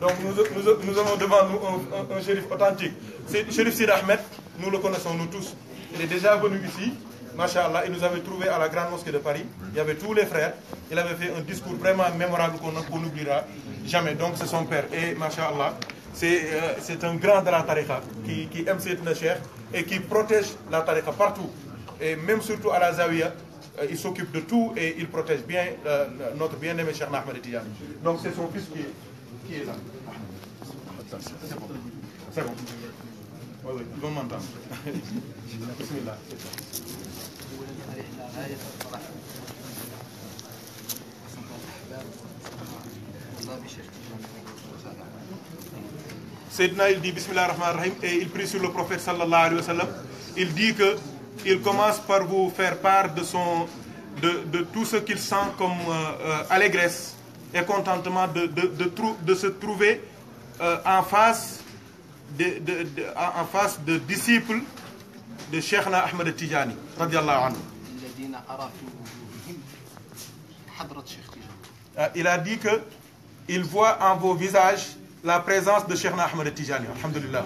Donc nous, avons devant nous un, un, shérif authentique. Shérif Sid Ahmed, nous le connaissons nous tous. Il est déjà venu ici, machallah il nous avait trouvé à la Grande Mosquée de Paris. Il y avait tous les frères. Il avait fait un discours vraiment mémorable qu'on n'oubliera jamais. Donc c'est son père. Et machallah euh, c'est un grand de la tariqa qui, aime cette Nacher et qui protège la tariqa partout. Et même surtout à la Zawiya, euh, il s'occupe de tout et il protège bien euh, notre bien-aimé Cheikh Ahmed Tidiane. Donc c'est son fils qui qui est là C'est bon. C'est bon. Oui, oui, Bismillah, Sayyidina, il dit Bismillah ar-Rahman rahim et il prie sur le prophète sallallahu alayhi wa sallam. Il dit que il commence par vous faire part de son de, de tout ce qu'il sent comme euh, euh allégresse et contentement de, se trouver en, face de, en face de disciples de Ahmed Tijani, Il a dit que il voit en vos visages la présence de Cheikhna Ahmed Tijani, alhamdulillah.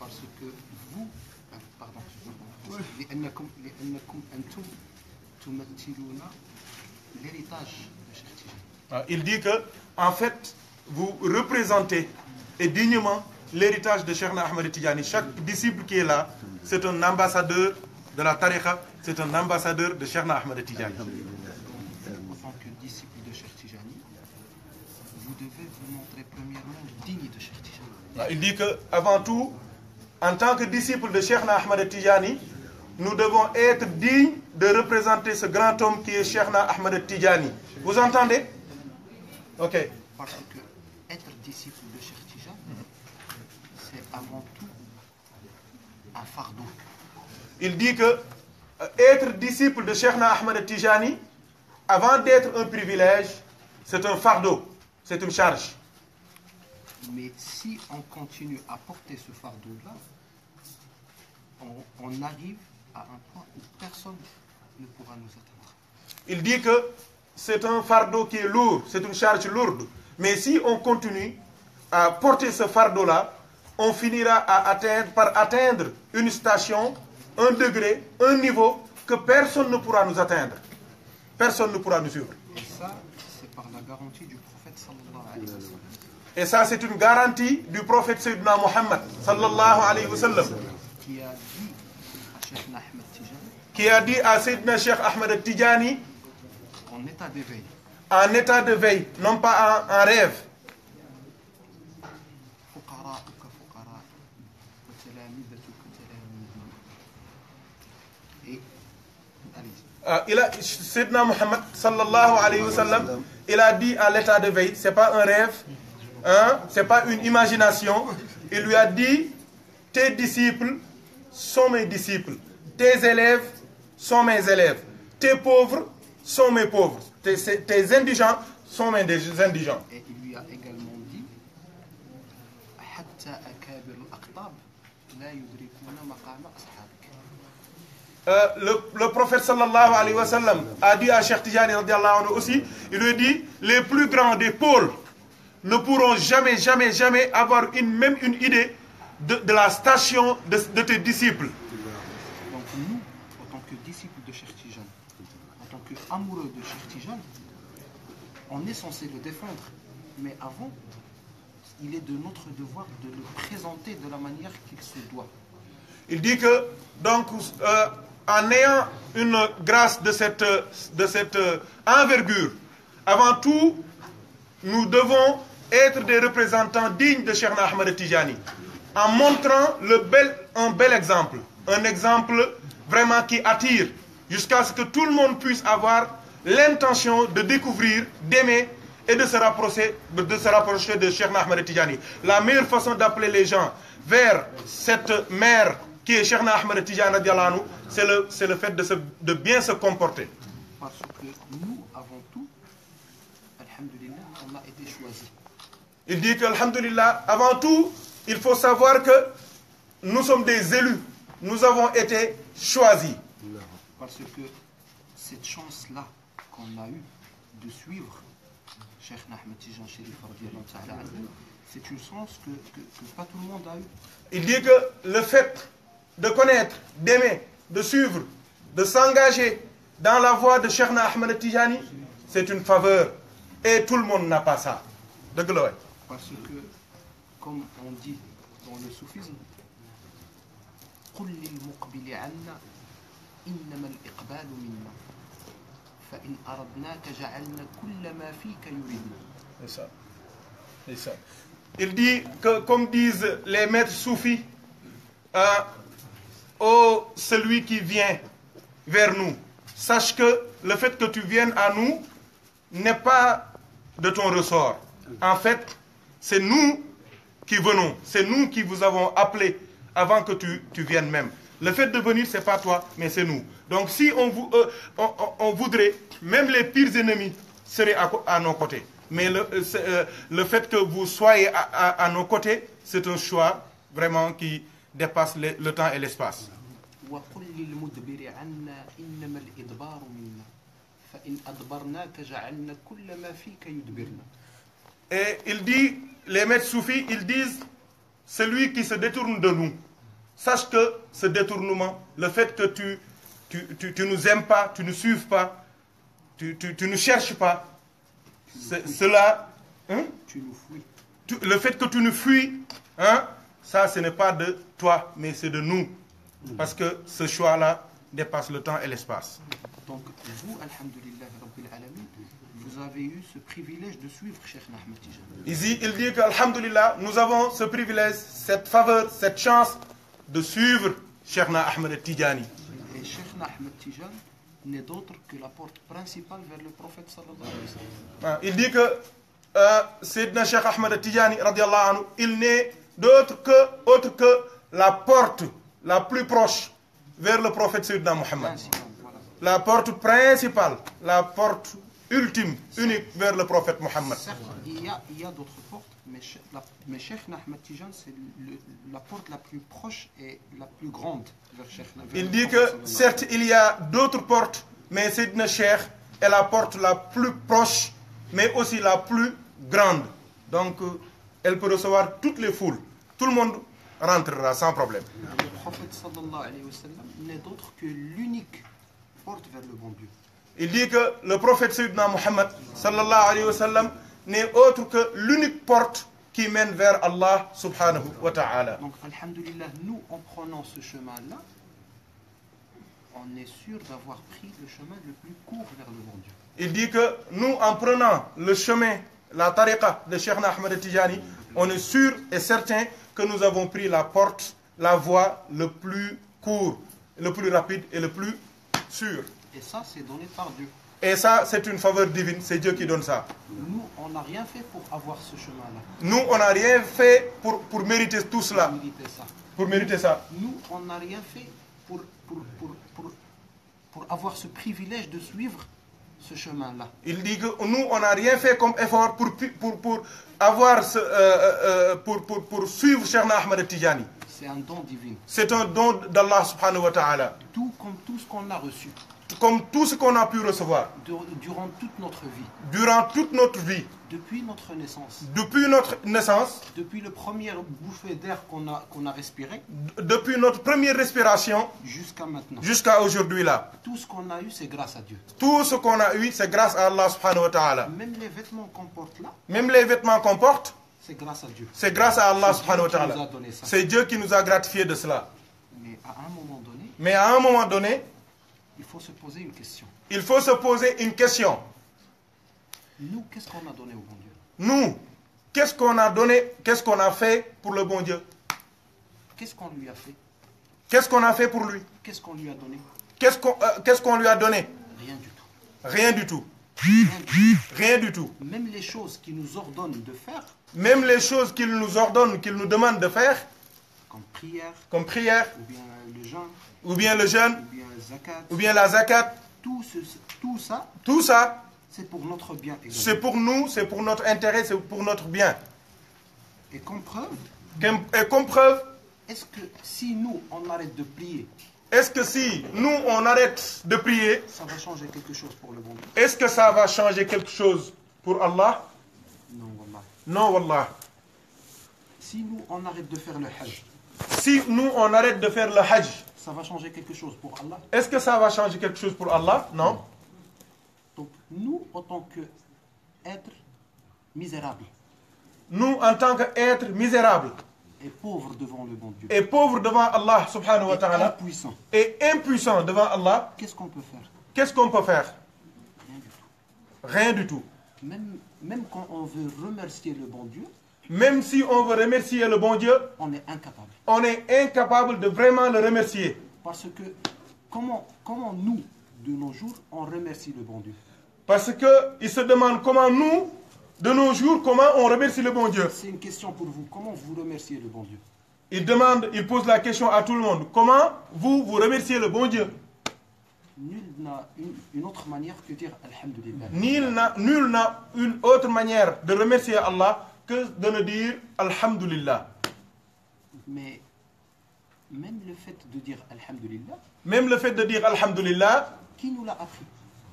Parce que vous, pardon, l'héritage ah, il dit que, en fait, vous représentez et dignement l'héritage de Cheikh Ahmed Tidjani. Chaque disciple qui est là, c'est un ambassadeur de la tariqa, c'est un ambassadeur de Cheikh Ahmed Tidjani. En tant que disciple de Cheikh Tijani, vous devez vous montrer premièrement digne de Cheikh Tidjani. Ah, il dit que, avant tout, en tant que disciple de Cheikh Ahmed Tidjani, nous devons être dignes de représenter ce grand homme qui est Cheikh Ahmed Tidjani. Vous entendez parce que être disciple de Cheikh Tijani c'est avant tout un fardeau. Il dit que euh, être disciple de Cheikh Ahmed Tijani, avant d'être un privilège, c'est un fardeau, c'est une charge. Mais si on continue à porter ce fardeau-là, on, on, arrive à un point où personne ne pourra nous atteindre. Il dit que c'est un fardeau qui est lourd, c'est une charge lourde. Mais si on continue à porter ce fardeau-là, on finira à atteindre, par atteindre une station, un degré, un niveau que personne ne pourra nous atteindre. Personne ne pourra nous suivre. Et ça, c'est par la garantie du prophète sallallahu alayhi wa Et ça, c'est une garantie du prophète Sayyidina Muhammad sallallahu alayhi wa Qui a dit à Sayyidina Ahmed Tijani en état de veille. non pas en, rêve. Euh, il a, Muhammad sallallahu alayhi wa sallam, il a dit à l'état de veille, c'est pas un rêve, hein, c'est pas une imagination. Il lui a dit, tes disciples sont mes disciples, tes élèves sont mes élèves, tes pauvres sont mes pauvres. Tes, indigents sont mes indigents. Et il lui a également dit euh, le, le, prophète sallallahu alayhi wa sallam a dit à Cheikh Tijani aussi, il lui dit, les plus grands des pôles ne pourront jamais, jamais, jamais avoir une, même une idée de, la station de tes disciples. amoureux de Cheikh on est censé le défendre. Mais avant, il est de notre devoir de le présenter de la manière qu'il se doit. Il dit que, donc, euh, en ayant une grâce de cette, de cette envergure, avant tout, nous devons être des représentants dignes de Cheikh Ahmed Tijani, en montrant le bel, un bel exemple, un exemple vraiment qui attire, jusqu'à ce que tout le monde puisse avoir l'intention de découvrir, d'aimer et de se rapprocher de, se rapprocher de Ahmed Tijani. La meilleure façon d'appeler les gens vers cette mère qui est Cheikh Ahmed Tijani, c'est le, c'est le fait de, bien se comporter. Parce que nous, avant tout, Alhamdulillah, on a été Il dit que, Alhamdulillah, avant tout, il faut savoir que nous sommes des élus. Nous avons été choisis. Parce que cette chance-là qu'on a eue de suivre Cheikh Ahmed c'est une chance que, pas tout le monde a eue. Il dit que le fait de connaître, d'aimer, de suivre, de s'engager dans la voie de Cheikh Ahmed Tijani, c'est une faveur. Et tout le monde n'a pas ça. De gloire. Parce que, comme on dit dans le soufisme, il dit que, comme disent les maîtres soufis, euh, oh, celui qui vient vers nous, sache que le fait que tu viennes à nous n'est pas de ton ressort. En fait, c'est nous qui venons, c'est nous qui vous avons appelé avant que tu, tu viennes même. Le fait de venir, ce n'est pas toi, mais c'est nous. Donc si on, vous, euh, on, voudrait, même les pires ennemis seraient à, nos côtés. Mais euh, euh, le, fait que vous soyez à, nos côtés, c'est un choix vraiment qui dépasse le, temps et l'espace. Et il dit, les maîtres soufis, ils disent, celui qui se détourne de nous, Sache que ce détournement, le fait que tu, tu, tu, nous aimes pas, tu ne suives pas, tu ne nous cherches pas, cela... Hein? Tu nous fuis. le fait que tu nous fuis, hein? ça ce n'est pas de toi, mais c'est de nous. Mm. Parce que ce choix-là dépasse le temps et l'espace. Donc vous, alhamdulillah, vous avez eu ce privilège de suivre Cheikh Ici, il dit que, nous avons ce privilège, cette faveur, cette chance de suivre Cheikhna Ahmed Tijani. Et Na Ahmed Tijani n'est d'autre que la porte principale vers le prophète sallallahu alayhi ah, Il dit que euh, Sayyidina Cheikh Ahmed Tidjani, anhu, il n'est d'autre que, autre que la porte la plus proche vers le prophète Sayyidina Muhammad. La porte principale, la porte ultime, unique vers le prophète Muhammad. il y a d'autres portes, mais Cheikh Ahmed Tijan, c'est la porte la plus proche et la plus grande vers Il dit que certes, il y a d'autres portes, mais Sidna Cheikh est la porte la plus proche, mais aussi la plus grande. Donc, euh, elle peut recevoir toutes les foules. Tout le monde rentrera sans problème. Le prophète sallallahu alayhi wa sallam n'est d'autre que l'unique porte vers le bon Dieu. Il dit que le prophète Muhammad sallallahu alayhi wa sallam n'est autre que l'unique porte qui mène vers Allah subhanahu wa ta'ala. Donc, alhamdulillah, nous, en prenant ce chemin-là, on est sûr d'avoir pris le chemin le plus court vers le bon Dieu. Il dit que nous, en prenant le chemin, la tariqa de Cheikh Ahmed Tijani, on est sûr et certain que nous avons pris la porte, la voie le plus court, le plus rapide et le plus sûr. Et ça, c'est donné par Dieu. Et ça, c'est une faveur divine, c'est Dieu qui donne ça. Nous, on n'a rien fait pour avoir ce chemin-là. Nous, on n'a rien fait pour, pour mériter tout cela. Pour mériter ça. Nous, on n'a rien fait pour, pour, avoir ce privilège de suivre ce chemin-là. Il dit que nous, on n'a rien fait comme effort pour, pour, avoir ce, euh, euh, euh, pour, suivre Cheikh Ahmed Tijani. C'est un don divin. C'est un don d'Allah subhanahu wa ta'ala. Tout comme tout ce qu'on a reçu comme tout ce qu'on a pu recevoir. Durant toute notre vie. Durant toute notre vie. Depuis notre naissance. Depuis notre naissance. Depuis le premier bouffée d'air qu'on a, qu'on a respiré. Depuis notre première respiration. Jusqu'à maintenant. Jusqu'à aujourd'hui là. Tout ce qu'on a eu, c'est grâce à Dieu. Tout ce qu'on a eu, c'est grâce à Allah subhanahu wa ta'ala. Même les vêtements qu'on porte là. Même les vêtements qu'on porte. C'est grâce à Dieu. C'est grâce à Allah subhanahu wa ta'ala. C'est Dieu qui nous a gratifié de cela. Mais à un moment donné. Mais à un moment donné il faut se poser une question. Il faut se poser une question. Nous, qu'est-ce qu'on a donné au bon Dieu Nous, qu'est-ce qu'on a donné, qu'est-ce qu'on a fait pour le bon Dieu Qu'est-ce qu'on lui a fait Qu'est-ce qu'on a fait pour lui Qu'est-ce qu'on lui a donné Qu'est-ce qu'on euh, lui a donné Rien du tout. Rien du tout. Rien du tout. Même les choses qu'il nous ordonne de faire. Même les choses qu'il nous ordonne, qu'il nous demande de faire. Comme prière. Comme prière. Ou bien le jeûne. Ou bien le jeûne ou bien la zakat. Tout, ça, tout ça c'est pour notre bien. C'est pour nous, c'est pour notre intérêt, c'est pour notre bien. Et comme preuve Et comme preuve Est-ce que si nous, on arrête de prier Est-ce que si nous, on arrête de prier Ça va changer quelque chose pour le bon Est-ce que ça va changer quelque chose pour Allah Non, Wallah. Non, Wallah. Si nous, on arrête de faire le hajj Si nous, on arrête de faire le hajj va changer quelque chose pour Allah Est-ce que ça va changer quelque chose pour Allah Non. Donc nous, en tant qu'êtres misérables. Nous, en tant qu'êtres misérables. Et pauvres devant le bon Dieu. Et pauvres devant Allah subhanahu wa ta'ala. Et impuissants devant Allah. Qu'est-ce qu'on peut faire Qu'est-ce qu'on peut faire Rien du tout. Rien du tout. même quand on veut remercier le bon Dieu. Même si on veut remercier le bon Dieu, on est incapable. On est incapable de vraiment le remercier. Parce que comment, comment nous, de nos jours, on remercie le bon Dieu Parce qu'il se demande comment nous, de nos jours, comment on remercie le bon Dieu. C'est une question pour vous. Comment vous remerciez le bon Dieu Il demande, il pose la question à tout le monde. Comment vous, vous remerciez le bon Dieu Nul n'a une, autre manière que dire Alhamdulillah. Nul n'a une autre manière de remercier Allah que de ne dire Alhamdulillah. Mais même le fait de dire Alhamdulillah. Même le fait de dire Alhamdulillah. Qui nous l'a appris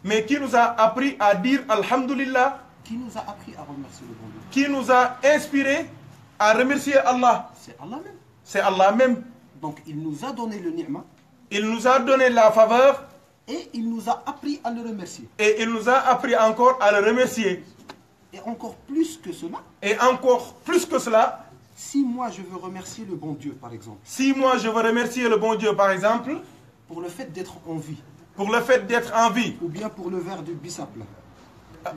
Mais qui nous a appris à dire Alhamdulillah Qui nous a appris à remercier le bon Dieu Qui nous a inspiré à remercier Allah C'est Allah même. C'est Allah même. Donc il nous a donné le ni'ma. Il nous a donné la faveur. Et il nous a appris à le remercier. Et il nous a appris encore à le remercier. Et encore plus que cela. Et encore plus que cela. Si moi je veux remercier le bon Dieu, par exemple. Si moi je veux remercier le bon Dieu, par exemple. Pour le fait d'être en vie. Pour le fait d'être en vie. Ou bien pour le verre de bissap.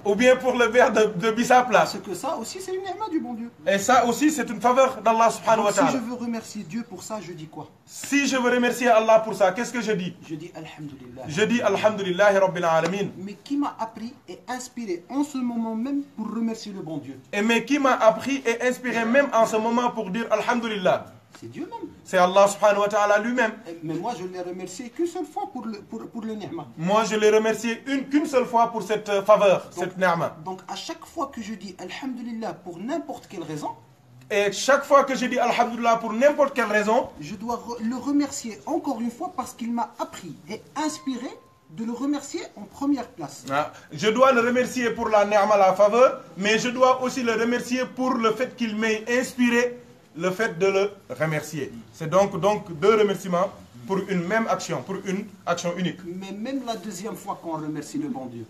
Ou bien pour le verre de, de Parce que ça aussi, c'est une du bon Dieu. Et ça aussi, c'est une faveur d'Allah subhanahu wa ta'ala. Si je veux remercier Dieu pour ça, je dis quoi Si je veux remercier Allah pour ça, qu'est-ce que je dis Je dis Alhamdulillah. Je dis Alhamdulillah Rabbil Alamin. Mais qui m'a appris et inspiré en ce moment même pour remercier le bon Dieu Et mais qui m'a appris et inspiré même en ce moment pour dire Alhamdulillah c'est Dieu même. C'est Allah subhanahu wa ta'ala lui-même. Eh, mais moi, je l'ai remercié qu'une seule fois pour le, pour, le Moi, je l'ai remercié une qu'une seule fois pour cette euh, faveur, cette ni'ma. Donc, à chaque fois que je dis Alhamdulillah pour n'importe quelle raison, et chaque fois que je dis Alhamdulillah pour n'importe quelle raison, je dois le remercier encore une fois parce qu'il m'a appris et inspiré de le remercier en première place. Ah, je dois le remercier pour la ni'ma, la faveur, mais je dois aussi le remercier pour le fait qu'il m'ait inspiré le fait de le remercier. C'est donc, donc deux remerciements pour une même action, pour une action unique. Mais même la deuxième fois qu'on remercie le bon Dieu.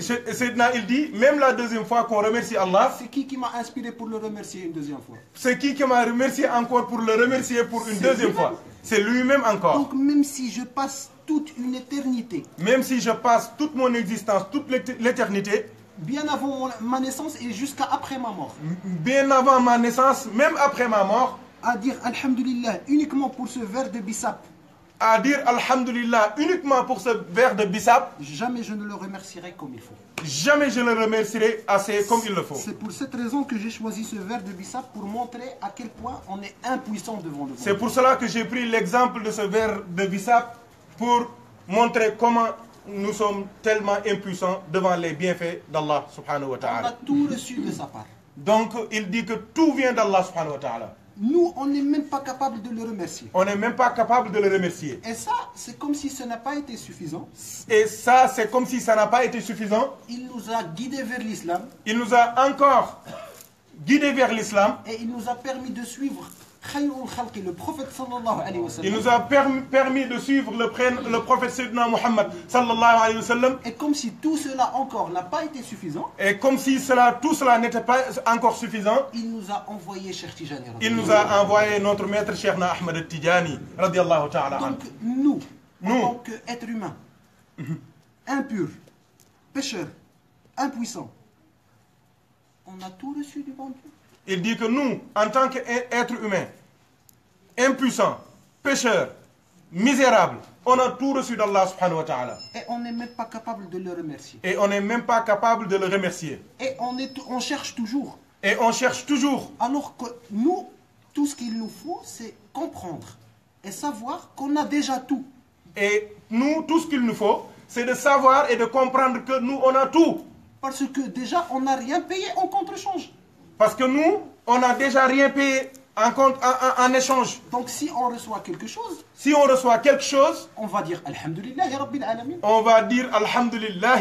C'est là il dit, même la deuxième fois qu'on remercie Allah. C'est qui qui m'a inspiré pour le remercier une deuxième fois C'est qui qui m'a remercié encore pour le remercier pour une deuxième fois C'est lui-même encore. Donc même si je passe toute une éternité. Même si je passe toute mon existence, toute l'éternité bien avant ma naissance et jusqu'à après ma mort. Bien avant ma naissance, même après ma mort. À dire Alhamdulillah uniquement pour ce verre de bissap. À dire Alhamdulillah uniquement pour ce verre de bissap. Jamais je ne le remercierai comme il faut. Jamais je ne le remercierai assez comme il le faut. C'est pour cette raison que j'ai choisi ce verre de bissap pour montrer à quel point on est impuissant devant le C'est pour cela que j'ai pris l'exemple de ce verre de bissap pour montrer comment nous sommes tellement impuissants devant les bienfaits d'Allah subhanahu wa ta'ala. tout reçu de sa part. Donc il dit que tout vient d'Allah subhanahu wa ta'ala. Nous, on n'est même pas capable de le remercier. On n'est même pas capable de le remercier. Et ça, c'est comme si ce n'a pas été suffisant. Et ça, c'est comme si ça n'a pas été suffisant. Il nous a guidés vers l'islam. Il nous a encore guidés vers l'islam. Et il nous a permis de suivre il nous a permis de suivre le, prophète Muhammad sallallahu alayhi wa Et comme si tout cela encore n'a pas été suffisant. Et comme si cela, tout cela n'était pas encore suffisant. Il nous a envoyé Il nous a envoyé notre maître Cheikhna Ahmed Tijani radiallahu ta'ala. Donc nous, nous, en tant qu'êtres humains, impurs, pécheurs, impuissants, on a tout reçu du bon Dieu. Il dit que nous, en tant qu'êtres humains, impuissants, pécheurs, misérables, on a tout reçu d'Allah subhanahu wa ta'ala. Et on n'est même pas capable de le remercier. Et on n'est même pas capable de le remercier. Et on, est, on cherche toujours. Et on cherche toujours. Alors que nous, tout ce qu'il nous faut, c'est comprendre et savoir qu'on a déjà tout. Et nous, tout ce qu'il nous faut, c'est de savoir et de comprendre que nous, on a tout. Parce que déjà, on n'a rien payé en contre-change. Parce que nous, on n'a déjà rien payé en, échange. Donc si on reçoit quelque chose, si on reçoit quelque chose, on va dire Alhamdulillah. Rabbil On va dire Alhamdulillah.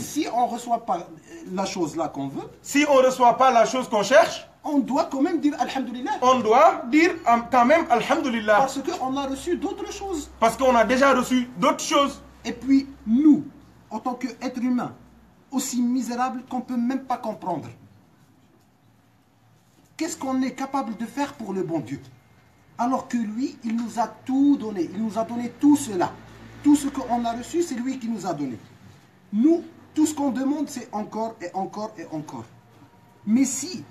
Si on reçoit pas la chose là qu'on veut, si on ne reçoit pas la chose qu'on cherche, on doit quand même dire Alhamdulillah. On doit dire quand même Alhamdulillah. Parce qu'on a reçu d'autres choses. Parce qu'on a déjà reçu d'autres choses. Et puis nous, en tant qu'êtres humains, aussi misérables qu'on ne peut même pas comprendre. Qu'est-ce qu'on est capable de faire pour le bon Dieu Alors que lui, il nous a tout donné. Il nous a donné tout cela. Tout ce qu'on a reçu, c'est lui qui nous a donné. Nous, tout ce qu'on demande, c'est encore et encore et encore. Mais si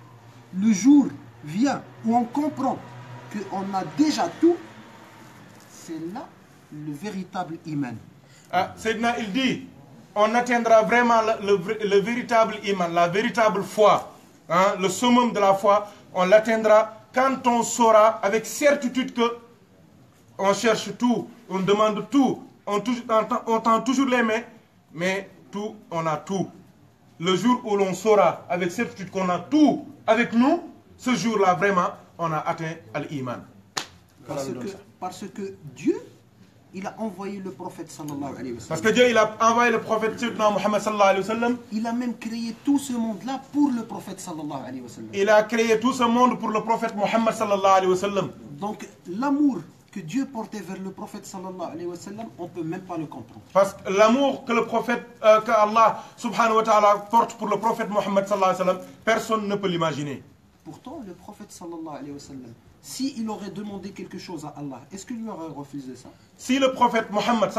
le jour vient où on comprend qu'on a déjà tout, c'est là le véritable iman. Ah, Sedna, il dit, on atteindra vraiment le, véritable iman, la véritable foi, hein, le summum de la foi, on l'atteindra quand on saura avec certitude que on cherche tout, on demande tout, on, tend toujours les mains, mais tout, on a tout. Le jour où l'on saura avec certitude qu'on a tout avec nous, ce jour-là, vraiment, on a atteint al Parce parce que Dieu il a envoyé le prophète sallallahu alayhi wa sallam. Parce que Dieu, il a envoyé le prophète Muhammad sallallahu alayhi wa sallam. Il a même créé tout ce monde-là pour le prophète sallallahu alayhi wa sallam. Il a créé tout ce monde pour le prophète Muhammad sallallahu alayhi wa sallam. Donc l'amour que Dieu portait vers le prophète sallallahu alayhi wa sallam, on ne peut même pas le comprendre. Parce que l'amour que le prophète, euh, que Allah subhanahu wa ta'ala porte pour le prophète Muhammad sallallahu alayhi wa sallam, personne ne peut l'imaginer. Pourtant, le prophète sallallahu alayhi wa sallam, s'il aurait demandé quelque chose à Allah, est-ce qu'il lui aurait refusé ça Si le prophète Mohammed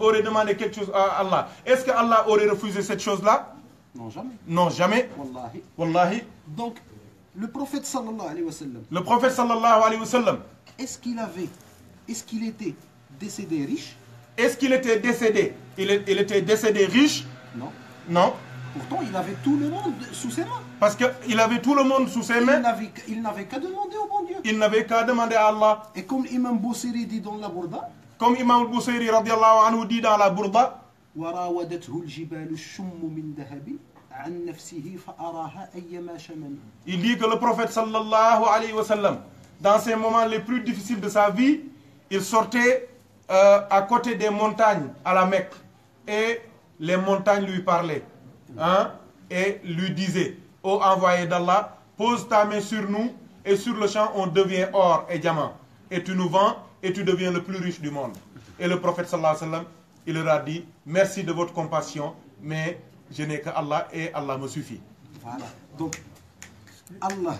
aurait demandé quelque chose à Allah, est-ce qu'Allah aurait refusé cette chose-là Non, jamais. Non, jamais. Wallahi. Wallahi. Donc, le prophète sallallahu alayhi wa sallam. Le prophète sallallahu alayhi wa sallam. Est-ce qu'il avait, est-ce qu'il était décédé riche Est-ce qu'il était décédé il, il était décédé riche Non. Non. Pourtant, il avait tout le monde sous ses mains. Parce qu'il avait tout le monde sous ses mains. Il n'avait qu'à demander au bon Dieu. Il n'avait qu'à demander à Allah. Et comme Imam Boussiri dit dans la Bourda. Comme Imam Boussiri radiallahu anhu dit dans la Bourda. Il dit que le prophète sallallahu alayhi wa sallam, dans ses moments les plus difficiles de sa vie, il sortait euh, à côté des montagnes à la Mecque. Et les montagnes lui parlaient. Hein? et lui disait, ô envoyé d'Allah, pose ta main sur nous et sur le champ on devient or et diamant. Et tu nous vends et tu deviens le plus riche du monde. Et le prophète sallallahu alayhi wa sallam, il leur a dit, merci de votre compassion, mais je n'ai qu'Allah Allah et Allah me suffit. Voilà. Donc, Allah,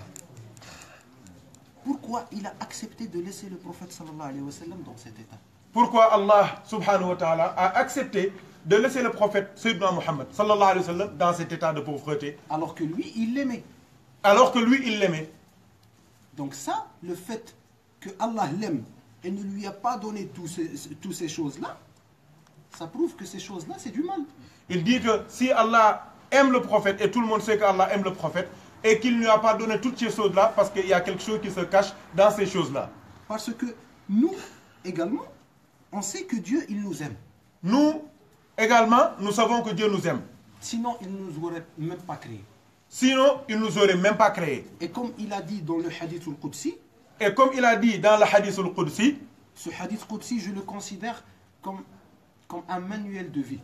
pourquoi il a accepté de laisser le prophète sallallahu alayhi wa sallam dans cet état Pourquoi Allah subhanahu wa ta'ala a accepté de laisser le prophète Sayyidina Muhammad sallallahu sallam dans cet état de pauvreté. Alors que lui, il l'aimait. Alors que lui, il l'aimait. Donc ça, le fait que Allah l'aime et ne lui a pas donné toutes ces, ces choses-là, ça prouve que ces choses-là, c'est du mal. Il dit que si Allah aime le prophète, et tout le monde sait qu'Allah aime le prophète, et qu'il ne lui a pas donné toutes ces choses-là, parce qu'il y a quelque chose qui se cache dans ces choses-là. Parce que nous, également, on sait que Dieu, il nous aime. Nous, Également, nous savons que Dieu nous aime. Sinon, il ne nous aurait même pas créé. Sinon, il ne nous aurait même pas créé. Et comme il a dit dans le hadith al-Qudsi, et comme il a dit dans le hadith al-Qudsi, ce hadith Qudsi, je le considère comme, comme un manuel de vie.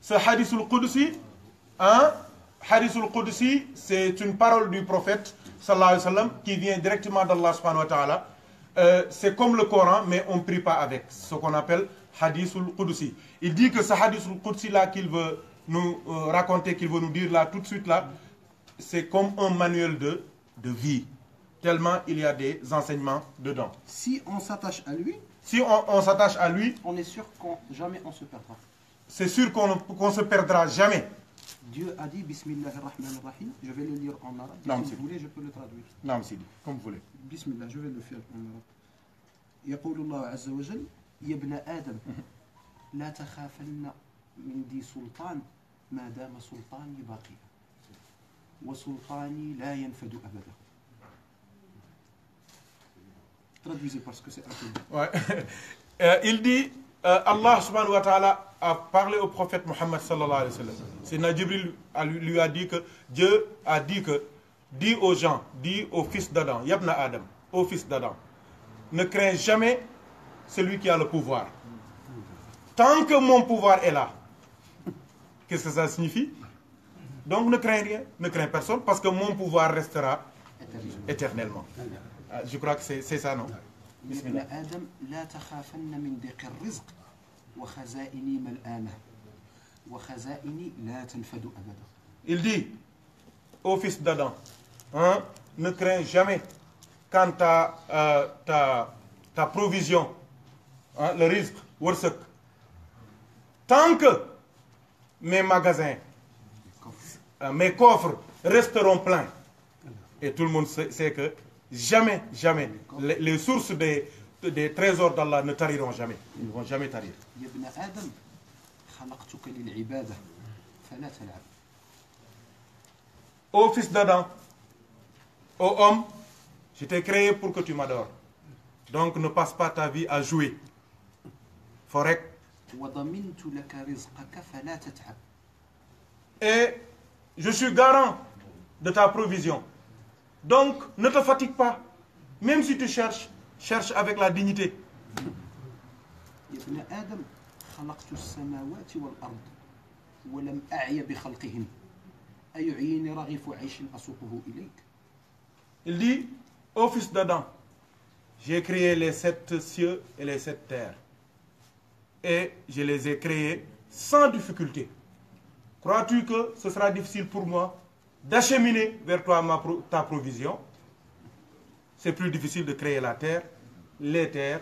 Ce hadith al-Qudsi, hein, hadith qudsi c'est une parole du prophète, qui vient directement d'Allah subhanahu wa ta'ala. Euh, c'est comme le Coran, mais on ne prie pas avec. Ce qu'on appelle Hadithul Qudsi. Il dit que ce Hadithul Qudsi là qu'il veut nous euh, raconter, qu'il veut nous dire là tout de suite là, c'est comme un manuel de, de vie. Tellement il y a des enseignements dedans. Si on s'attache à lui, si on, s'attache à lui, on est sûr qu'on jamais on se perdra. C'est sûr qu'on qu se perdra jamais. Dieu a dit Bismillah Je vais le lire en arabe. si vous voulez, je peux le traduire. Non, comme vous voulez. Bismillah, je vais le faire en arabe. Yaqulullah azza عز وجل يا ابن آدم لا تخافن من ذي سلطان ما دام سلطاني باقيا وسلطاني لا ينفد أبدا Traduisez parce que c'est un ouais. euh, Il dit, euh, Allah subhanahu wa ta'ala a parlé au prophète Mohammed sallallahu alayhi wa sallam. C'est Najibril lui a dit que Dieu a dit que, dit aux gens, dit au fils d'Adam, Yabna Adam, au fils d'Adam, ne crains jamais celui qui a le pouvoir. Tant que mon pouvoir est là, qu'est-ce que ça signifie Donc ne crains rien, ne crains personne, parce que mon pouvoir restera éternellement. Ah, je crois que c'est ça, non Il dit au fils d'Adam, hein, ne crains jamais quand ta, euh, ta, ta provision Hein, le risque, Tant que mes magasins, euh, mes coffres resteront pleins, et tout le monde sait, que jamais, jamais, les, sources des, des trésors d'Allah ne tariront jamais. Ils ne vont jamais tarir. Ô fils d'Adam, ô homme, je t'ai créé pour que tu m'adores. Donc ne passe pas ta vie à jouer. Et je suis garant de ta provision. Donc, ne te fatigue pas. Même si tu cherches, cherche avec la dignité. Il dit, ô fils d'Adam, j'ai créé les sept cieux et les sept terres et je les ai créés sans difficulté. Crois-tu que ce sera difficile pour moi d'acheminer vers toi ma, ta provision C'est plus difficile de créer la terre, les terres,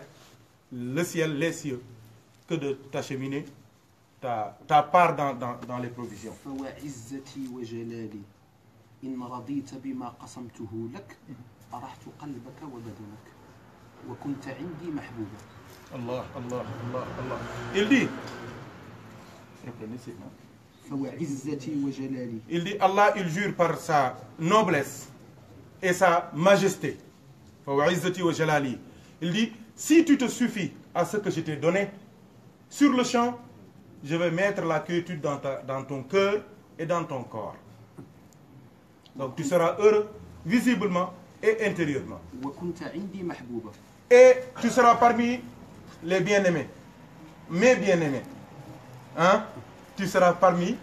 le ciel, les cieux, que de t'acheminer ta, ta, part dans, dans, dans les provisions. Allah, Allah, Allah, Allah. Il dit, il dit, Allah, il jure par sa noblesse et sa majesté. Il dit, si tu te suffis à ce que je t'ai donné, sur le champ, je vais mettre la quiétude dans, dans ton cœur et dans ton corps. Donc tu seras heureux visiblement et intérieurement. Et tu seras parmi les bien-aimés, mes bien-aimés, hein, tu seras parmi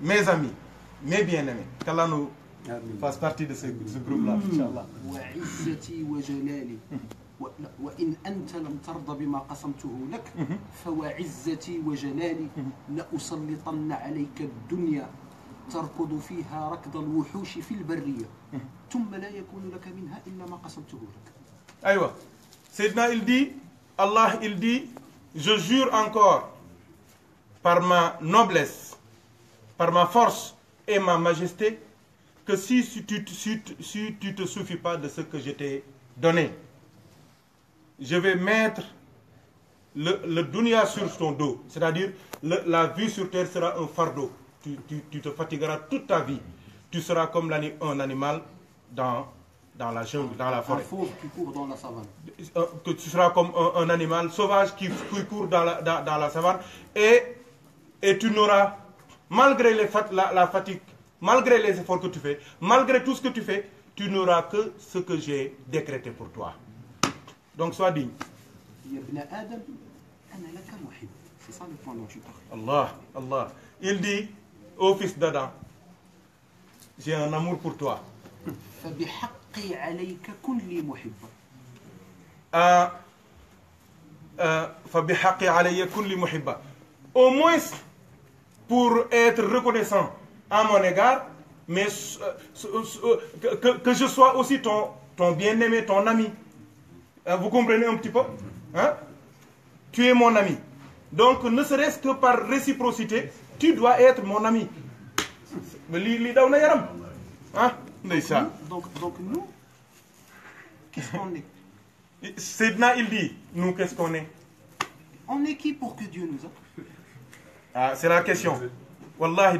mes amis, mes bien-aimés. Qu'Allah nous fasse partie de ce, ce groupe-là, hmm. Inch'Allah. وإن أنت لم ترضى بما قسمته لك فوعزتي وجلالي لأسلطن عليك الدنيا تركض فيها ركض الوحوش في البرية ثم لا يكون لك منها إلا ما قسمته لك أيوة سيدنا إلدي Allah, il dit, je jure encore par ma noblesse, par ma force et ma majesté, que si, tu ne te suffis pas de ce que je t'ai donné, je vais mettre le, le dunya sur ton dos, c'est-à-dire la vie sur terre sera un fardeau. Tu, tu te fatigueras toute ta vie. Tu seras comme un animal dans dans la jungle, dans la forêt. Un qui court dans la savane. Euh, que tu seras comme un, animal sauvage qui, court dans la, savane. Et, et tu n'auras, malgré les, la, la, fatigue, malgré les efforts que tu fais, malgré tout ce que tu fais, tu n'auras que ce que j'ai décrété pour toi. Donc sois digne. Allah, Allah. Il dit au fils d'Adam, j'ai un amour pour toi au moins pour être reconnaissant à mon égard mais euh, que, je sois aussi ton, ton bien-aimé, ton ami. Euh, vous comprenez un petit peu hein? Tu es mon ami. Donc, ne serait-ce que par réciprocité, tu dois être mon ami. Hein? donc donc nous qu'est-ce qu'on est Sedna il dit nous qu'est-ce qu'on est on est qui pour que Dieu nous aime ah c'est la question wallahi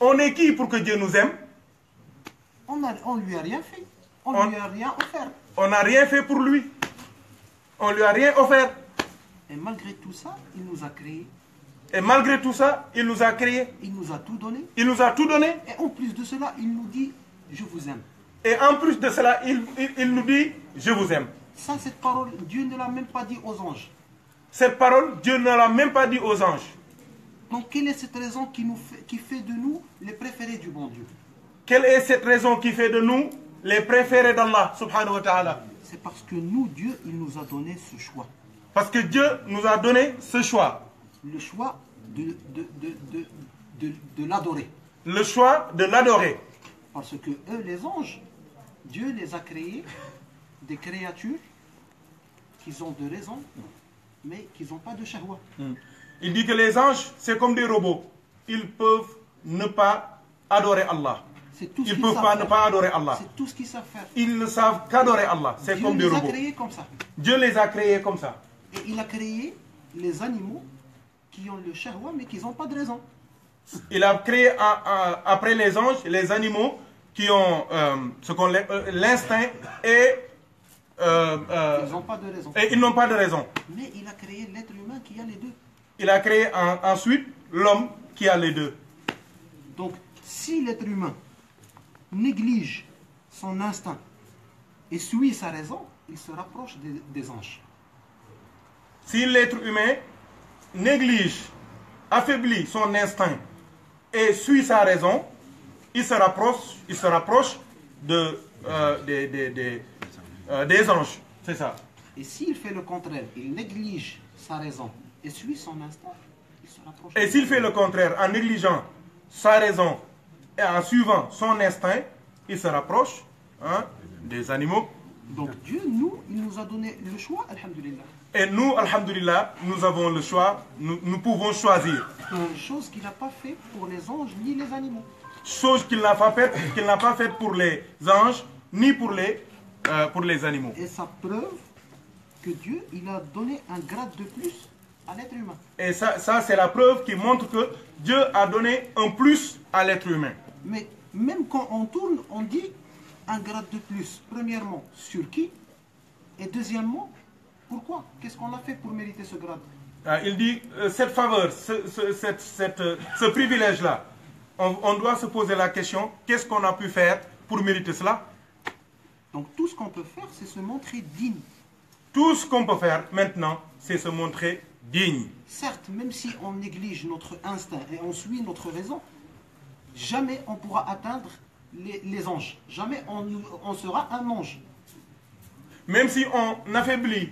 on est qui pour que Dieu nous aime on a lui a rien fait on, ne lui a rien offert on n'a rien fait pour lui on lui a rien offert et malgré tout ça il nous a créés et malgré tout ça, il nous a créés. Il nous a tout donné. Il nous a tout donné. Et en plus de cela, il nous dit je vous aime. Et en plus de cela, il, nous dit, je vous aime. Ça, cette parole, Dieu ne l'a même pas dit aux anges. Cette parole, Dieu ne l'a même pas dit aux anges. Donc, quelle est cette raison qui, nous fait, qui fait de nous les préférés du bon Dieu Quelle est cette raison qui fait de nous les préférés d'Allah, subhanahu wa ta'ala C'est parce que nous, Dieu, il nous a donné ce choix. Parce que Dieu nous a donné ce choix. Le choix de, de l'adorer. Le choix de l'adorer. Parce que eux, les anges, Dieu les a créés des créatures qui ont de raison, mais qui n'ont pas de shahwa. Hmm. Il dit que les anges, c'est comme des robots. Ils peuvent ne pas adorer Allah. ils ne peuvent pas ne pas adorer Allah. C'est tout ce qu'ils savent faire. Ils ne savent qu'adorer Allah. C'est comme des robots. Dieu les a créés comme ça. Dieu les a créés comme ça. Et il a créé les animaux qui ont le shahwa mais qui n'ont pas de raison. Il a créé après les anges, les animaux qui ont euh, ce qu'on euh, l'instinct euh, et ils n'ont pas de raison. Mais il a créé l'être humain qui a les deux. Il a créé ensuite l'homme qui a les deux. Donc, si l'être humain néglige son instinct et suit sa raison, il se rapproche des anges. Si l'être humain néglige, affaiblit son instinct et suit sa raison, il se rapproche, il se rapproche de, euh, des, des, des, euh, des anges. C'est ça. Et s'il fait le contraire, il néglige sa raison et suit son instinct, Et s'il fait le contraire en négligeant sa raison et en suivant son instinct, il se rapproche hein, des animaux. Donc Dieu, nous, il nous a donné le choix, alhamdulillah. Et nous, Alhamdulillah, nous avons le choix, nous, pouvons choisir. Chose qu'il n'a pas fait pour les anges ni les animaux. Chose qu'il n'a pas faite n'a pas fait pour les anges ni pour les, euh, pour les animaux. Et ça preuve que Dieu, il a donné un grade de plus à l'être humain. Et ça, ça c'est la preuve qui montre que Dieu a donné un plus à l'être humain. Mais même quand on tourne, on dit un grade de plus, premièrement, sur qui Et deuxièmement, pourquoi Qu'est-ce qu'on a fait pour mériter ce grade ah, Il dit, euh, cette faveur, ce, euh, privilège-là, on, doit se poser la question, qu'est-ce qu'on a pu faire pour mériter cela Donc tout ce qu'on peut faire, c'est se montrer digne. Tout ce qu'on peut faire maintenant, c'est se montrer digne. Certes, même si on néglige notre instinct et on suit notre raison, jamais on pourra atteindre les, anges. Jamais on, on, sera un ange. Même si on affaiblit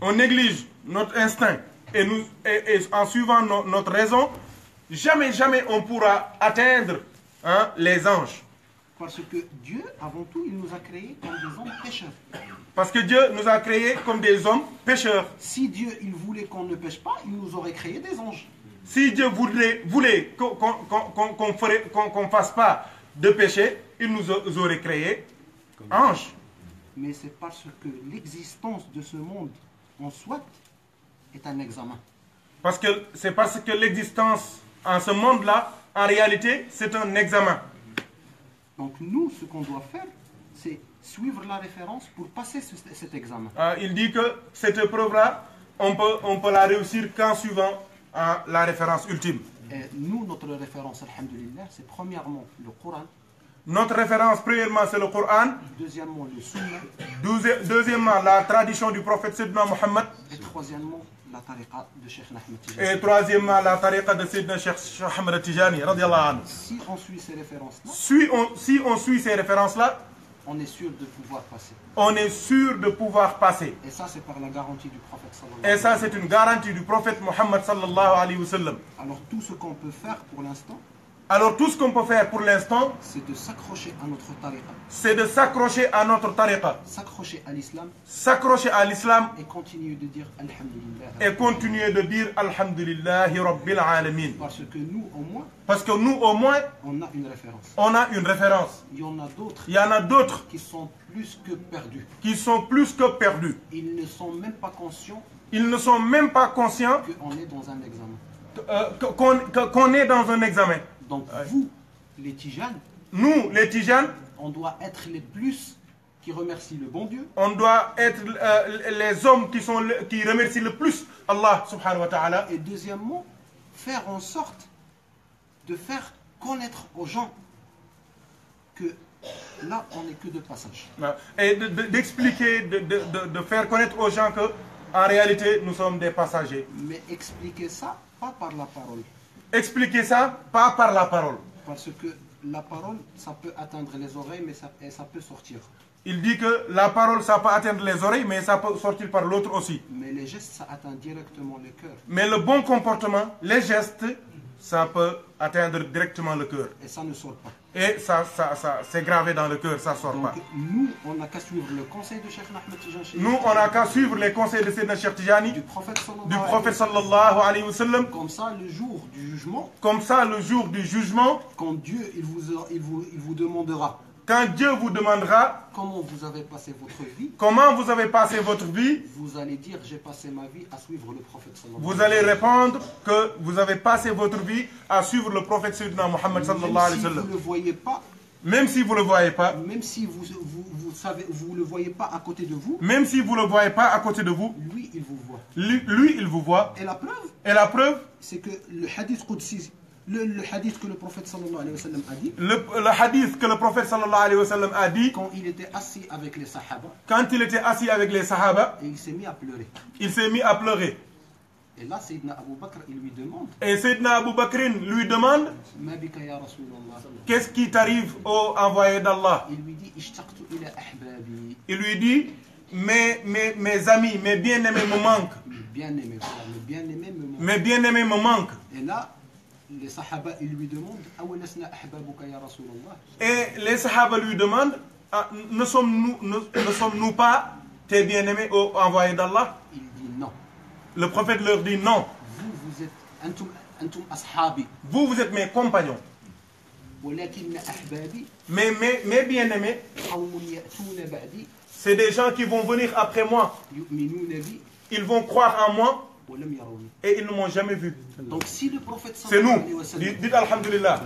on néglige notre instinct et, nous, en suivant notre raison, jamais, jamais on pourra atteindre hein, les anges. Parce que Dieu, avant tout, il nous a créés comme des hommes pécheurs. Parce que Dieu nous a créés comme des hommes pêcheurs. Si Dieu, il voulait qu'on ne pêche pas, il nous aurait créé des anges. Si Dieu voulait, qu'on fasse pas de péché, il nous aurait créé anges. Mais c'est parce que l'existence de ce monde on souhaite est un examen. Parce que c'est parce que l'existence en ce monde-là, en réalité, c'est un examen. Donc nous, ce qu'on doit faire, c'est suivre la référence pour passer cet examen. Ah, il dit que cette épreuve-là, on peut, on peut la réussir qu'en suivant hein, la référence ultime. Et nous, notre référence, alhamdulillah, c'est premièrement le Coran notre référence, premièrement, c'est le Coran. Deuxièmement, le Sunna. deuxièmement, la tradition du prophète Sidna Mohammed. Et troisièmement, la tariqa de Cheikh Ahmed Tijani. Et troisièmement, la tariqa de Sidna Cheikh Ahmed Tijani. Si on suit ces références-là. Si on, suit ces références-là. On est sûr de pouvoir passer. On est sûr de pouvoir passer. Et ça, c'est par la garantie du prophète sallallahu Et ça, c'est une garantie du prophète Mohammed sallallahu alayhi wa sallam. Alors, tout ce qu'on peut faire pour l'instant. Alors tout ce qu'on peut faire pour l'instant, c'est de s'accrocher à notre tariqa. C'est de s'accrocher à notre tariqa. S'accrocher à l'islam. S'accrocher à l'islam. Et continuer de dire Alhamdulillah. Et continuer de dire Alhamdulillah Rabbil Alamin. Parce que nous au moins. Parce que nous au moins. On a une référence. On a une référence. Il y en a d'autres. Il y en a d'autres. Qui sont plus que perdus. Qui sont plus que perdus. Ils ne sont même pas conscients. Ils ne sont même pas conscients. Qu'on est dans un examen. Euh, qu'on est dans un examen. Donc vous, les tijanes, nous, les tijanes, on doit être les plus qui remercient le bon Dieu. On doit être euh, les hommes qui, sont qui remercient le plus Allah subhanahu wa ta'ala. Et deuxièmement, faire en sorte de faire connaître aux gens que là, on n'est que de passage. Et d'expliquer, de, de, faire connaître aux gens que en réalité, nous sommes des passagers. Mais expliquer ça, pas par la parole. Expliquez ça, pas par la parole. Parce que la parole, ça peut atteindre les oreilles, mais ça, ça peut sortir. Il dit que la parole, ça peut atteindre les oreilles, mais ça peut sortir par l'autre aussi. Mais les gestes, ça atteint directement le cœur. Mais le bon comportement, les gestes, ça peut atteindre directement le cœur. Et ça ne sort pas. Et ça, ça, ça c'est gravé dans le cœur, ça ne sort pas. Nous, on n'a qu'à suivre le conseil de Cheikh Ahmed Tijani. Nous, on n'a qu'à suivre les conseils de Sayyidina Cheikh Tijani. Du prophète sallallahu, du prophète, sallallahu alayhi wa sallam. Comme ça, le jour du jugement. Comme ça, le jour du jugement. Quand Dieu, il vous, il vous, il vous demandera. Quand Dieu vous demandera comment vous avez passé votre vie, comment vous avez passé votre vie, vous allez dire j'ai passé ma vie à suivre le prophète. Vous allez répondre que vous avez passé votre vie à suivre le prophète sallallahu alayhi wa vous ne voyez pas, même si vous ne le voyez pas, même si vous, vous, vous savez, vous le voyez pas à côté de vous, même si vous ne le voyez pas à côté de vous, lui il vous voit. Lui, il vous voit. Et la preuve Et la preuve C'est que le hadith Qudsi le, le, hadith que le prophète sallallahu alayhi wa sallam a dit. Le, le, hadith que le prophète sallallahu alayhi wa sallam a dit. Quand il était assis avec les sahaba. Quand il était assis avec les sahaba. Et il s'est mis à pleurer. Il s'est mis à pleurer. Et là, Sayyidina Abu Bakr, il lui demande. Et Sayyidina Abu Bakrin lui demande. Qu'est-ce qui t'arrive, ô envoyé d'Allah Il lui dit, ila Il lui dit, mes, mes, mes amis, mes bien-aimés me manquent. Mes bien-aimés, bien-aimés me manquent. Mes bien-aimés me manquent. Et là, les Sahaba lui demandent Et les Sahaba lui demandent ah, Ne sommes-nous ne, nous pas tes bien-aimés envoyés d'Allah Il dit non. Le prophète leur dit non. Vous, vous êtes Vous, vous êtes mes compagnons. Mais mes bien-aimés, c'est des gens qui vont venir après moi. Ils vont croire en moi. Et ils ne m'ont jamais vu. Donc si le prophète C'est nous. Dites Alhamdulillah.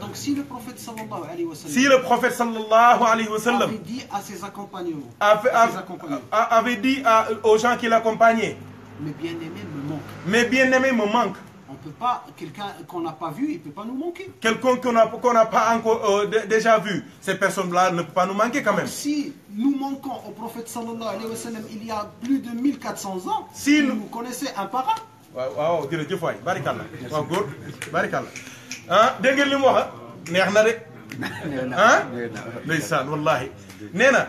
Donc si le prophète sallallahu alayhi wa sallam. Si le prophète sallallahu alayhi wa sallam. Avait dit à ses accompagnants. Avait, dit à, aux gens qui l'accompagnaient. Mes bien-aimés me manquent. Mes bien-aimés me manquent. On peut pas, quelqu'un qu'on n'a pas vu, il ne peut pas nous manquer. Quelqu'un qu'on n'a pas encore euh, déjà vu, ces personnes-là ne peuvent pas nous manquer quand même. si nous manquons au prophète sallallahu alayhi wa sallam il y a plus de 1400 ans, si vous connaissez un parent? un. waaw waaw jërëjëf waay barikalla waaw góor barikalla ah dégg ngeen li mu wax neex na rek ah ndeysaan wallahi Néna,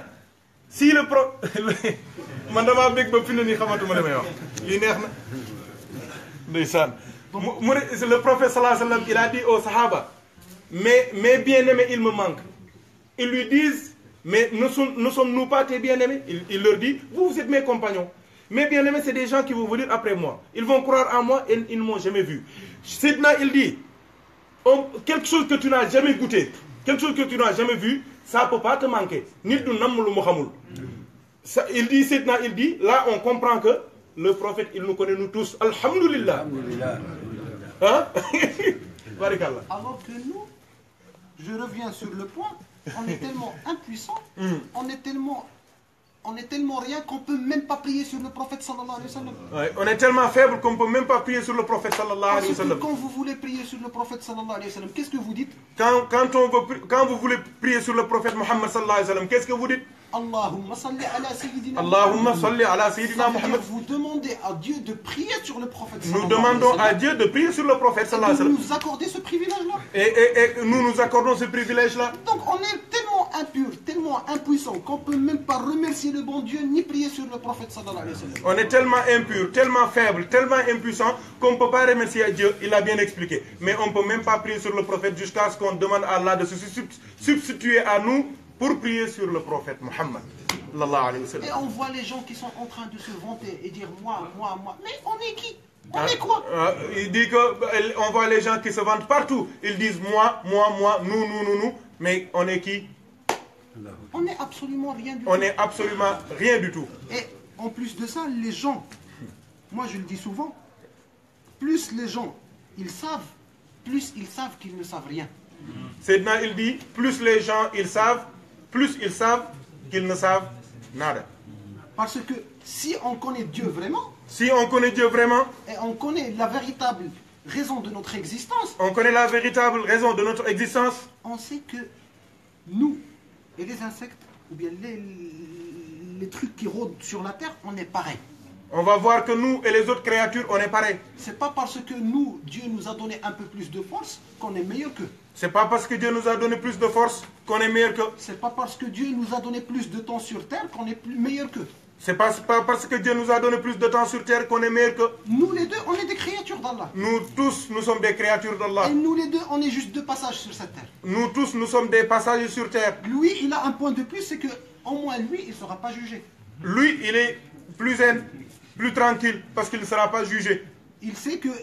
si le pro man damaa bég ba fi ne nii xamatuma li may wax lii neex na ndeysaan le prophète sallallahu alayhi wa sallam, il a dit aux Sahaba, mais mes bien-aimés, ils me manquent. Ils lui disent, mais ne, sommes-nous pas tes bien-aimés il, leur dit, vous, vous êtes mes compagnons. Mes bien-aimés, c'est des gens qui vont venir après moi. Ils vont croire en moi et ils ne m'ont jamais vu. Sidna, il dit, oh, quelque chose que tu n'as jamais goûté, quelque chose que tu n'as jamais vu, ça ne peut pas te manquer. il dit, Sidna, il dit, là on comprend que le prophète, il nous connaît nous tous. Alhamdulillah. Hein? Alors que nous, je reviens sur le point, on est tellement impuissant, hmm. on est tellement on est tellement rien qu'on peut même pas prier sur le prophète alayhi wa on est tellement faible qu'on peut même pas prier sur le prophète alayhi wa sallam. Quand vous voulez prier sur le prophète sallallahu alayhi wa qu'est-ce que vous dites quand, vous voulez prier sur le prophète Mohammed qu'est-ce que vous dites Allahumma salli ala Sayyidina Muhammad. Vous demandez à Dieu de prier sur le prophète. Nous demandons à Dieu de prier sur le prophète. Et nous accorder ce privilège-là. Et, nous nous accordons ce privilège-là. Donc on est tellement impur, tellement impuissant qu'on peut même pas remercier le bon Dieu ni prier sur le prophète On est tellement impur, tellement faible, tellement impuissant qu'on ne peut pas remercier Dieu. Il a bien expliqué. Mais on ne peut même pas prier sur le prophète jusqu'à ce qu'on demande à Allah de se substituer à nous pour prier sur le prophète Mohammed. Et on voit les gens qui sont en train de se vanter et dire moi, moi, moi. Mais on est qui on ah, est quoi euh, Il dit que on voit les gens qui se vantent partout. Ils disent moi, moi, moi, nous, nous, nous, nous. Mais on est qui On n'est absolument rien du on tout. On n'est absolument rien du tout. Et en plus de ça, les gens, moi je le dis souvent, plus les gens, ils savent, plus ils savent qu'ils ne savent rien. Sedna, il dit, plus les gens, ils savent, plus ils savent qu'ils ne savent nada. Parce que si on connaît Dieu vraiment, si on connaît Dieu vraiment, et on connaît la véritable raison de notre existence, on connaît la véritable raison de notre existence, on sait que nous et les insectes, ou bien les, trucs qui rôdent sur la terre, on est pareil. On va voir que nous et les autres créatures, on est pareil. C'est pas parce que nous, Dieu nous a donné un peu plus de force qu'on est meilleur qu'eux. C'est pas parce que Dieu nous a donné plus de force qu'on est meilleur que. C'est pas parce que Dieu nous a donné plus de temps sur terre qu'on est plus meilleur que. C'est pas, pas parce que Dieu nous a donné plus de temps sur terre qu'on est meilleur que. Nous les deux, on est des créatures d'Allah. Nous tous, nous sommes des créatures d'Allah. Et nous les deux, on est juste deux passages sur cette terre. Nous tous, nous sommes des passages sur terre. Lui, il a un point de plus, c'est que au moins lui, il ne sera pas jugé. Lui, il est plus zen, plus tranquille, parce qu'il ne sera pas jugé. Il sait que euh,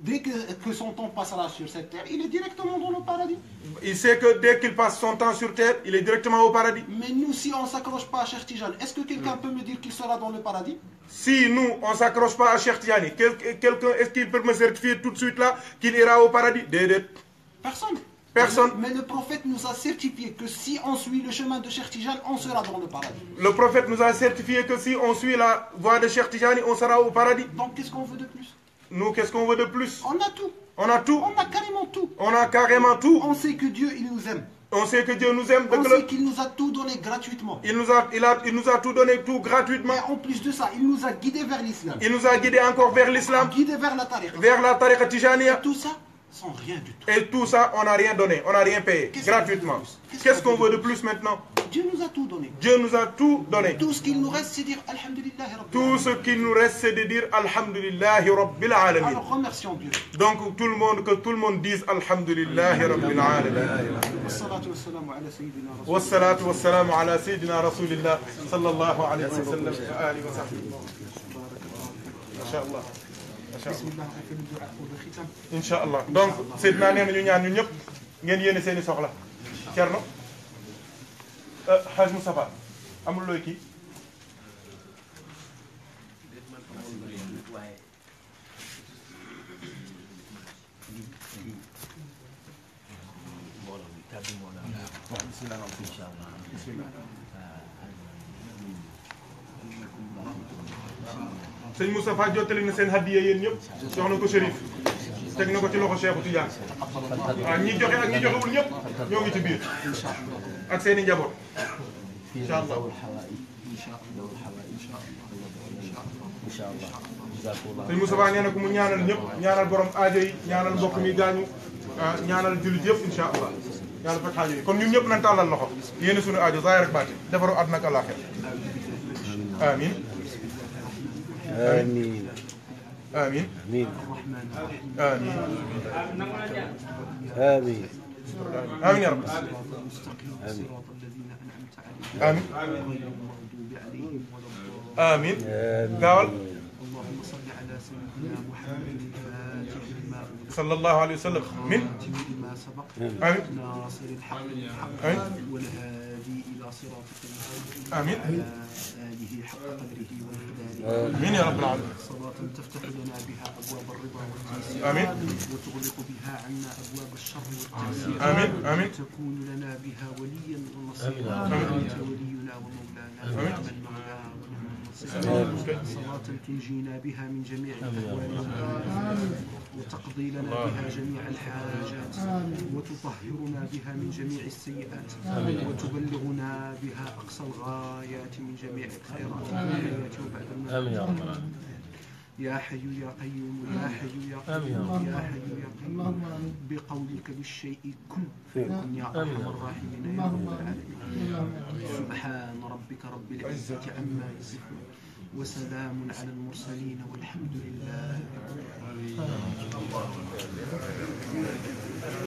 dès que, son temps passera sur cette terre, il est directement dans le paradis. Il sait que dès qu'il passe son temps sur terre, il est directement au paradis. Mais nous, si on ne s'accroche pas à Cheikh est-ce que quelqu'un hmm. peut me dire qu'il sera dans le paradis Si nous, on ne s'accroche pas à Cheikh quelqu'un, est-ce qu'il peut me certifier tout de suite là qu'il ira au paradis Personne. Personne. Mais, le, prophète nous a certifié que si on suit le chemin de Cheikh on sera dans le paradis. Le prophète nous a certifié que si on suit la voie de Cheikh on sera au paradis. Donc qu'est-ce qu'on veut de plus nous, qu'est-ce qu'on veut de plus On a tout. On a tout. On a carrément tout. On a carrément tout. On sait que Dieu, il nous aime. On sait que Dieu nous aime. On sait qu'il nous a tout donné gratuitement. Il nous a, il a, il nous a tout donné tout gratuitement. en plus de ça, il nous a guidé vers l'islam. Il nous a guidé encore vers l'islam. Guidés vers la tariqa. Vers la tariqa tijaniya. Tout ça sans rien du tout. Et tout ça, on n'a rien donné, on n'a rien payé, gratuitement. Qu'est-ce qu'on veut de plus maintenant Dieu nous a tout donné. Dieu nous a tout donné. Tout ce qu'il nous reste, c'est de dire Alhamdulillah Tout ce qu'il nous reste, c'est de dire Alhamdulillah Alamin. Alors remercions Dieu. Donc tout le monde, que tout le monde dise Alhamdulillah Rabbil Alamin. Wassalatu wassalamu ala Sayyidina Rasulillah sallallahu alayhi wa sallam wa alihi wa sahbihi. incha allah incha allah donc Seydina nee na ñu ñaan ñun ñëpp ngeen yéene seen i soxla. Thierno Hadj Moustapha amul looy kii. waaw. سيدي مصطفى جوتلين سين هدية ينيب سيدي مصطفى شريف سيدي مصطفى شريف سيدي مصطفى شريف سيدي مصطفى شريف سيدي مصطفى شريف سيدي مصطفى شريف سيدي مصطفى شريف سيدي مصطفى شريف سيدي مصطفى شريف سيدي مصطفى شريف سيدي مصطفى شريف سيدي مصطفى شريف سيدي مصطفى ñaanal julit yepp inshallah yalla fa xali kon ñun ñepp nañ talal loxo yene suñu aajo zaay rek baati defaru adna ka laxe amin آمين آمين آمين آمين آمين آمين يا رب آمين آمين آمين قال اللهم صل على سيدنا محمد صلى الله عليه وسلم من ما سبق ناصر الحق والهادي الى امين اله حق قدره امين يا رب العالمين صلاة تفتح لنا بها ابواب الرضا والتيسير امين وتغلق بها عنا ابواب الشر والتيسير امين امين تكون لنا بها وليا ونصيرا انت ولينا ومولانا آمين المولى صلاة تنجينا بها من جميع الأهوال وتقضي لنا بها جميع الحاجات وتطهرنا بها من جميع السيئات وتبلغنا بها أقصى الغايات من جميع الخيرات في الحياة وبعد الموت يا حي يا قيوم يا حي يا قيوم يا حي يا قيوم بقولك للشيء كن فيكن يا ارحم الراحمين يا رب العالمين سبحان ربك رب العزه عما يصفون وسلام على المرسلين والحمد لله رب العالمين